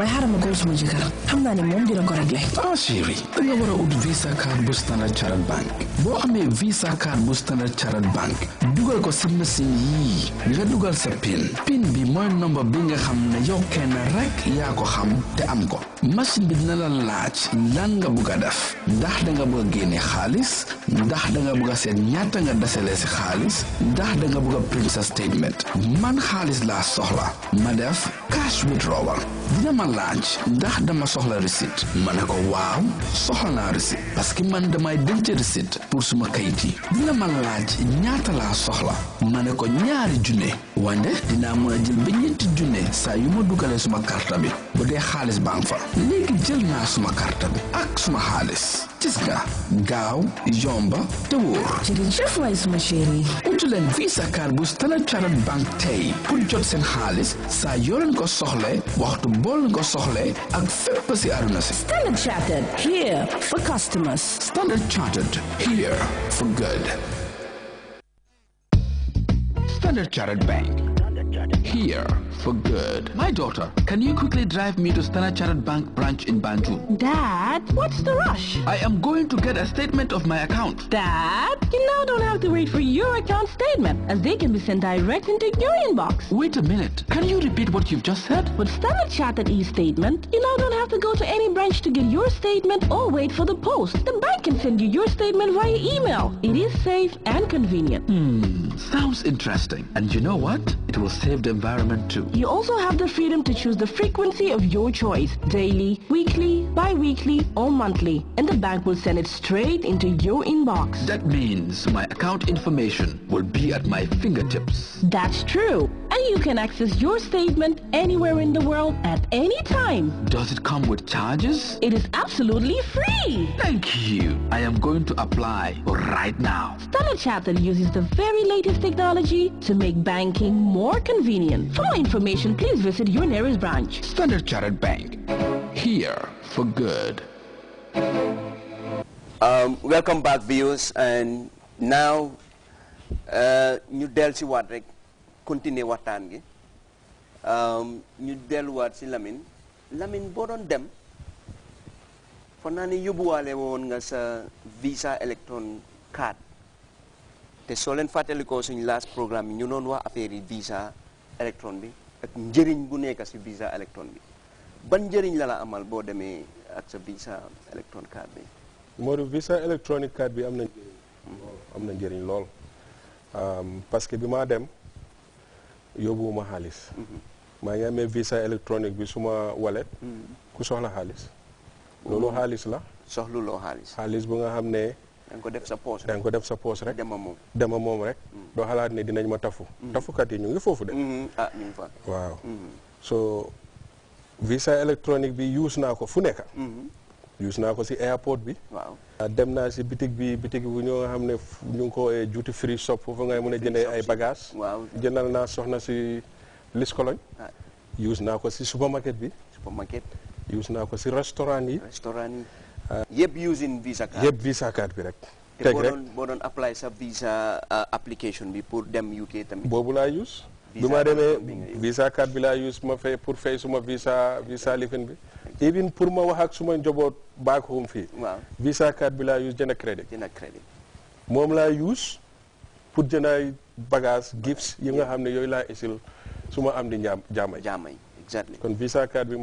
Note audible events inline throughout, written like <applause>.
waaye xaaral ma góor suma jëkkër xam naa ne moom dina ko réglé ah chéri da nga war a ut visa card bu standard chartered bank boo amee visa card bu standard chartered bank dugal ko sa machine yii nga dugal sa pin pin bi mooy nomba bi nga xam ne yow kenn rek yaa ko xam te am ko machine bi dina la laaj lan nga bugg a def ndax da nga bugg a génne xaalis ndax da nga bugg a seet ñaata nga deselee si xaalis ndax da nga bugg a print sa statement man xaalis laa soxla ma def cash withdrawal dina ma laaj ndax dama soxla receipt ma ne ko waaw soxla naa receipt parce que man damay denc receipt pour suma kayit yi dina ma laaj ñaata laa soxla ma ne ko ñaari junne wande dinaa mën a jël ba ñeenti junne saa yu ma dugalee suma karta bi bu dee xaalis baa ngi fa léegi jël naa suma bi ak suma xaalis gis nga gaaw yomba te wóor jërëjëf waay suma chéri utu leen visa card bu Standard Chartered Bank tey pour jot seen xaalis saa yoo ko soxlee waxtu boo ko soxlee ak fépp si si Standard Chartered here for customers Standard Chartered here for good Standard Chartered Bank. Here, for good. My daughter, can you quickly drive me to Standard Chartered Bank branch in Banjul? Dad, what's the rush? I am going to get a statement of my account. Dad, you now don't have to wait for your account statement as they can be sent direct into your inbox. Wait a minute. Can you repeat what you've just said? With Standard Chartered e-statement, you now don't have to go to any branch to get your statement or wait for the post. The bank can send you your statement via email. It is safe and convenient. Hmm, sounds interesting. And you know what? It will save the environment too. You also have the freedom to choose the frequency of your choice, daily, weekly, bi-weekly or monthly, and the bank will send it straight into your inbox. That means my account information will be at my fingertips. That's true. And you can access your statement anywhere in the world at any time. Does it come with charges? It is absolutely free. Thank you. I am going to apply right now. Standard Chapter uses the very latest technology to make banking more convenient. For more information, information, please visit your nearest branch. Standard Chartered Bank, here for good. Um, welcome back, viewers. And now, new uh, delhi si waat rek continuer waxtaan gi um, ñu delluwaat si Lamine Lamine boo dem For nani yubu yóbbuwaale woon nga sa visa electron card te solen leen fàttalikoo last programme yi ñu doon visa electron bi ak njëriñ bu nekk si visa electron bi ban njëriñ la la amal boo demee ak sa visa electron card bi. Modou visa electronic card bi am na njëriñ. am na njëriñ lool parce que bi maa dem yóbbuwuma xaalis. Mm-hmm. maa ngi amee visa électronique bi suma wallet. Mm-hmm. ku soxla xaalis. loolu mm-hmm. xaalis la. soxlu loo xaalis. xaalis bu nga xam ne. da ko def sa poos da ko def sa poos rek dema moom dema moom rek mm. doo xalaat ne dinañ ma tafu mm. tafukat yi ñu ngi foofu de mm-hmm. ah fa waaw mm-hmm. so visa électronique bi use naa ko fu nekka mm-hmm. use naa ko si airport bi waaw ah, dem naa si bitig bi bitig bu ñoo nga xam ne ñu ngi ko duty free shop foofu ngay mën a jëndee ay bagages jëndal naa soxna si liskoloñ ah. use naa ko si supermarket bi supermarket use naa ko si restaurant yi restaurant yi Euh, yëpp using visa card yëpp visa card bi rek. teg rek boo doon apply sa visa euh, application bi pour dem UK tamit. boobu laa use. bi ma demee visa card bi laa use ma fay pour fay suma visa visa lifin bi. even pour ma wax ak suma njoboot back home fii. waaw visa card bi laa use jënd crédit. jënd crédit. moom laa use pour jëndaay bagage gifts yi nga xam ne yooyu laa isil su ma am di jaamay jaamay exactly kon visa card bi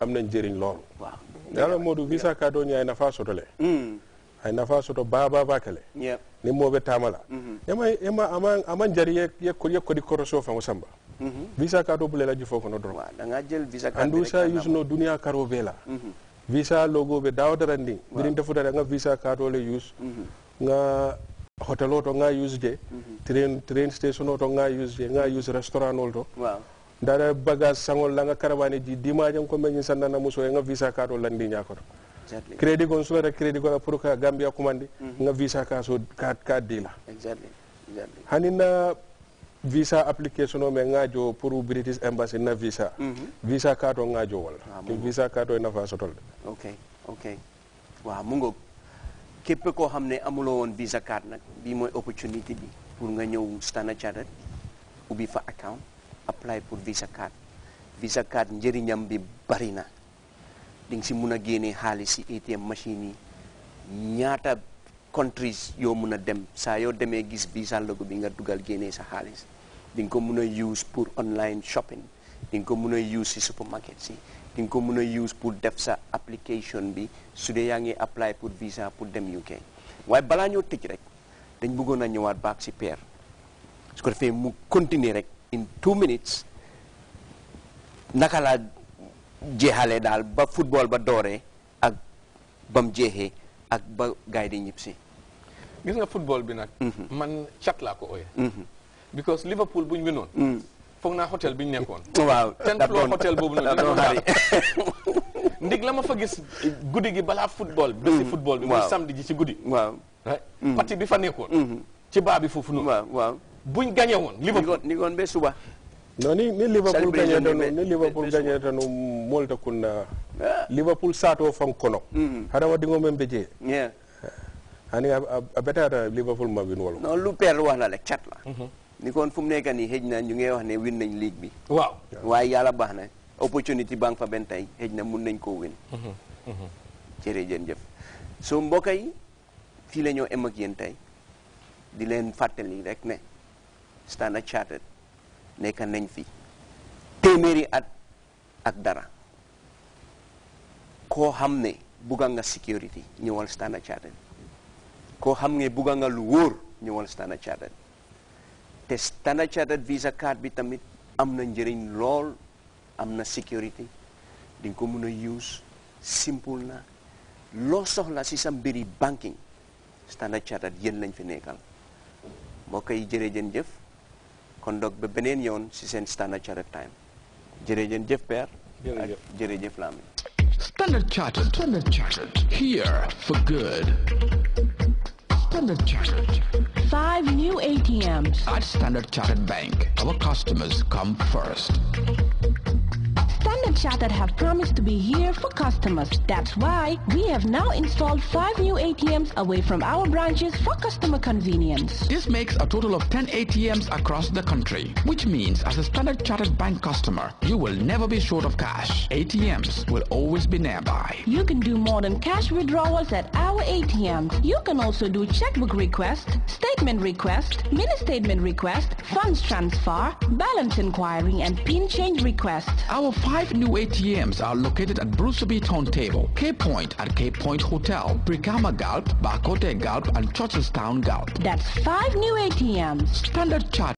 am nañ njëriñ lool. waaw yala modu visa ka do nya nafa soto le mm ay nafa soto ba ba ba kale yep ni mobe tamala mm -hmm. yama yama jari ye ye ko ye ko di koroso fa musamba mm -hmm. visa ka do bulela ji foko no do wa da visa ka andusa yusno dunia karo vela mm -hmm. visa logo be visa ka le use mm -hmm. nga hotel oto nga use je mm -hmm. train train station oto nga use je nga use dara bagas sangol la nga caravane dima dimajan ko men sanna na muso nga visa karo o landi nyako exactly credit consular credit ko pour gambia kumandi mm -hmm. visa ka so card card dila exactly exactly hanina visa application o me ngajo pour british embassy na visa mm-hmm. visa karo o ngajo wala ah, visa karo o e na fa sotol okay okay wa mungo képp koo xam ne amuloo visa card bimo opportunity mooy opportunité bi pour nga ñëw Standard Chartered ubbi fa account apply pour visa card visa card njëriñam bi bari na di nga si mun a génnee xaalis si ATM machine yi ñaata countries yoo mun a dem saa yoo demee gis visa logo bi nga dugal génnee sa xaalis di ko mun a use pour online shopping di nga ko mun a use si supermarket si di nga ko mun a use pour def sa application bi su dee yaa ngi apply pour visa pour dem UK waaye balaa ñoo tëj rek dañ buggoon a ñëwaat baak si peer su ko defee mu continuer rek in two minutes naka la jeexalee daal ba football ba dooree ak ba jeexee ak ba gaay di ñib si gis nga football bi nag mhm. man cat laa ko ooye mhm. because Liverpool buñ winoon mhm. foog naa hôtel bi ñu nekkoon waaw ten floor hôtel boobu noonu <laughs> ndig la ma fa gis guddi gi balaa football bi si football bi muy samedi ji ci guddi waaw parti bi fa nekkoon ci baa bi foofu noonu waaw buñ gagné woon. Liverpool ni ngoon be suba. non ni ni Liverpool gagné tanu ni Liverpool gagné tanu molta kunna Liverpool saato fan kono mm-hmm. a betata Liverpool ma win wala non lu père wax la rek cat la mm-hmm. ni fu mu nekk nii xëj na ñu ngi wax ne win nañ ligue bi waaw waaye yàlla baax na opportunité banque fa benn tey xëj na mun nañ koo win mm-hmm. jërëjëf so mbokk yi fii la ñoo em ak tey di leen fàttali rek ne Standard Chartered nekk nañ fi téeméeri at ak dara koo xam ne bugga nga security ñëwal Standard Chartered koo xam ne bugga nga lu wóor ñëwal Standard Chartered te Standard Chartered visa card bi tamit am na njëriñ lool am na security dinga ko mun a use simple na loo soxla si sa mbiri banking Standard Chartered yéen lañ fi nekkal mbokk jën jëf kon donc ba beneen yoon si seen Standard charter time jërëjëf jëf Père. jërëjëf Standard charter Standard Chartered here for good. Standard Chartered. Five new ATMs. At Standard Chartered Bank, our customers come first. Standard Chartered have promised to be here for customers. That's why we have now installed five new ATMs away from our branches for customer convenience. This makes a total of 10 ATMs across the country, which means as a Standard Chartered Bank customer, you will never be short of cash. ATMs will always be nearby. You can do more than cash withdrawals at our ATMs. You can also do checkbook requests, statement requests, mini statement requests, funds transfer, balance inquiry, and PIN change requests. Our Five new ATMs are located at Bruceby Turntable, Cape Point at Cape Point Hotel, Brikama Gulp, Bakote Gulp, and Churchestown Gulp. That's five new ATMs. Standard chart.